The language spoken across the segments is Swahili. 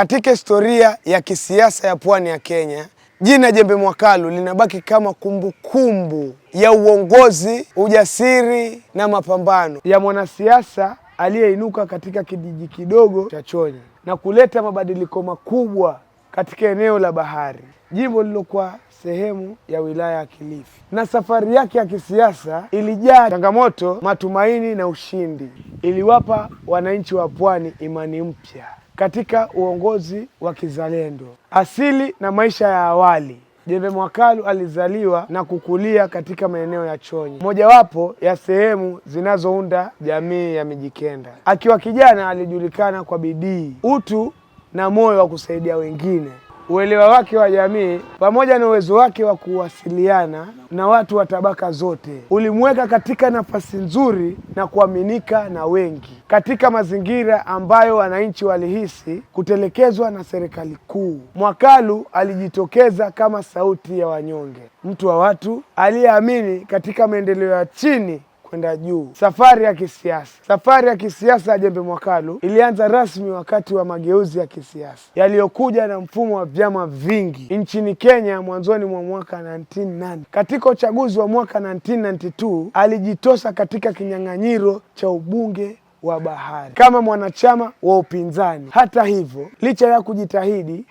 Katika historia ya kisiasa ya pwani ya Kenya, jina Jembe Mwakalu linabaki kama kumbukumbu kumbu ya uongozi, ujasiri na mapambano ya mwanasiasa aliyeinuka katika kijiji kidogo cha Chonya na kuleta mabadiliko makubwa katika eneo la bahari, jimbo lilokuwa sehemu ya wilaya ya Kilifi, na safari yake ya kisiasa ilijaa changamoto, matumaini na ushindi. Iliwapa wananchi wa Pwani imani mpya katika uongozi wa kizalendo. Asili na maisha ya awali. Jembe Mwakalu alizaliwa na kukulia katika maeneo ya Chonyi, mojawapo ya sehemu zinazounda jamii ya Mijikenda. Akiwa kijana, alijulikana kwa bidii, utu na moyo wa kusaidia wengine. Uelewa wake wa jamii pamoja na uwezo wake wa kuwasiliana na watu wa tabaka zote ulimweka katika nafasi nzuri na kuaminika na wengi, katika mazingira ambayo wananchi walihisi kutelekezwa na serikali kuu. Mwakalu alijitokeza kama sauti ya wanyonge, mtu wa watu aliyeamini katika maendeleo ya chini kwenda juu. Safari ya kisiasa, safari ya kisiasa ya Jembe Mwakalu ilianza rasmi wakati wa mageuzi ya kisiasa yaliyokuja na mfumo wa vyama vingi nchini Kenya mwanzoni mwa mwaka 1990. Katika uchaguzi wa mwaka 1992 alijitosa katika kinyang'anyiro cha ubunge wa Bahari kama mwanachama wa upinzani. Hata hivyo, licha ya kujitahidi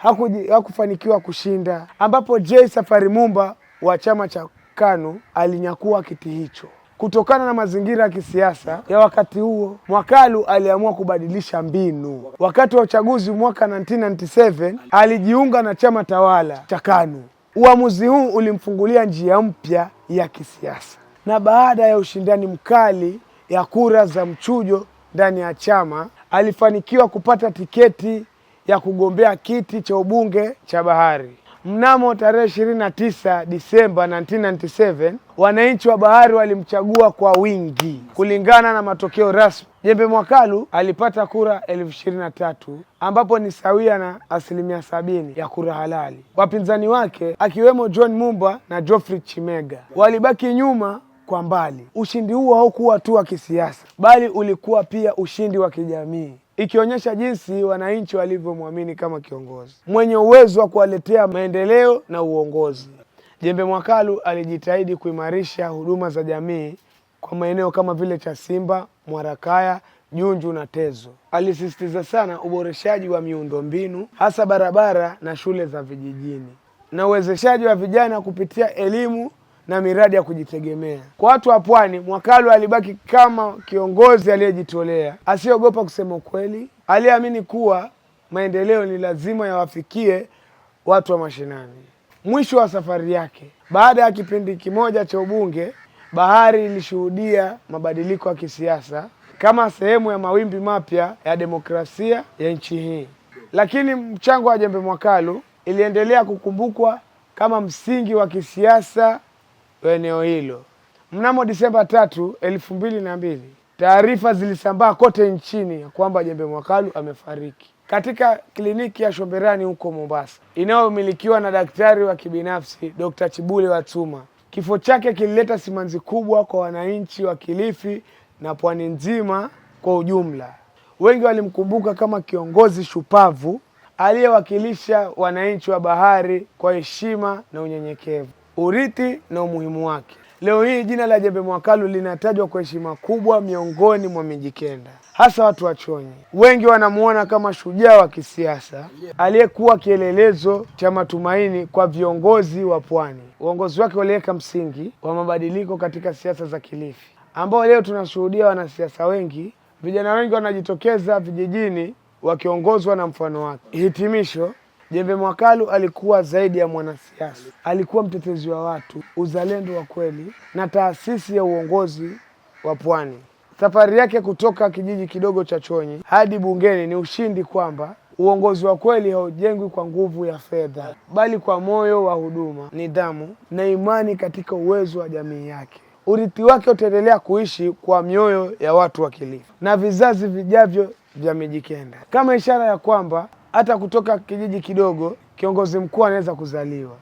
hakufanikiwa kushinda, ambapo J Safari Mumba wa chama cha KANU alinyakua kiti hicho. Kutokana na mazingira ya kisiasa ya wakati huo, Mwakalu aliamua kubadilisha mbinu. Wakati wa uchaguzi mwaka 1997 alijiunga na chama tawala cha KANU. Uamuzi huu ulimfungulia njia mpya ya kisiasa, na baada ya ushindani mkali ya kura za mchujo ndani ya chama alifanikiwa kupata tiketi ya kugombea kiti cha ubunge cha Bahari. Mnamo tarehe 29 Disemba 1997 wananchi wa Bahari walimchagua kwa wingi kulingana na matokeo rasmi. Jembe Mwakalu alipata kura elfu ishirini na tatu ambapo ni sawia na asilimia sabini ya kura halali. Wapinzani wake akiwemo John Mumba na Geoffrey Chimega walibaki nyuma kwa mbali. Ushindi huo haukuwa tu wa kisiasa, bali ulikuwa pia ushindi wa kijamii ikionyesha jinsi wananchi walivyomwamini kama kiongozi mwenye uwezo wa kuwaletea maendeleo na uongozi. Jembe Mwakalu alijitahidi kuimarisha huduma za jamii kwa maeneo kama vile Chasimba, Mwarakaya, Junju na Tezo. Alisisitiza sana uboreshaji wa miundombinu hasa barabara na shule za vijijini na uwezeshaji wa vijana kupitia elimu na miradi ya kujitegemea. Kwa watu wa Pwani, Mwakalu alibaki kama kiongozi aliyejitolea, asiyeogopa kusema ukweli, aliyeamini kuwa maendeleo ni lazima yawafikie watu wa mashinani. Mwisho wa safari yake, baada ya kipindi kimoja cha ubunge, Bahari ilishuhudia mabadiliko ya kisiasa kama sehemu ya mawimbi mapya ya demokrasia ya nchi hii, lakini mchango wa Jembe Mwakalu iliendelea kukumbukwa kama msingi wa kisiasa eneo hilo. Mnamo Disemba tatu elfu mbili na mbili taarifa zilisambaa kote nchini kwamba Jembe Mwakalu amefariki katika kliniki ya Shomberani huko Mombasa inayomilikiwa na daktari wa kibinafsi Dr. Chibule Watsuma. Kifo chake kilileta simanzi kubwa kwa wananchi wa Kilifi na pwani nzima kwa ujumla. Wengi walimkumbuka kama kiongozi shupavu aliyewakilisha wananchi wa bahari kwa heshima na unyenyekevu urithi na umuhimu wake. Leo hii jina la jembe mwakalu linatajwa kwa heshima kubwa miongoni mwa Mijikenda, hasa watu wachonyi. Wengi wanamuona kama shujaa wa kisiasa aliyekuwa kielelezo cha matumaini kwa viongozi wa Pwani. Uongozi wake uliweka msingi wa mabadiliko katika siasa za Kilifi, ambao leo tunashuhudia wanasiasa wengi, vijana wengi wanajitokeza vijijini wakiongozwa na mfano wake. Hitimisho, Jembe Mwakalu alikuwa zaidi ya mwanasiasa, alikuwa mtetezi wa watu, uzalendo wa kweli na taasisi ya uongozi wa Pwani. Safari yake kutoka kijiji kidogo cha Chonyi hadi bungeni ni ushindi kwamba uongozi wa kweli haujengwi kwa nguvu ya fedha, bali kwa moyo wa huduma, nidhamu na imani katika uwezo wa jamii yake. Urithi wake utaendelea kuishi kwa mioyo ya watu wa Kilifi na vizazi vijavyo vya Mijikenda kama ishara ya kwamba hata kutoka kijiji kidogo kiongozi mkuu anaweza kuzaliwa.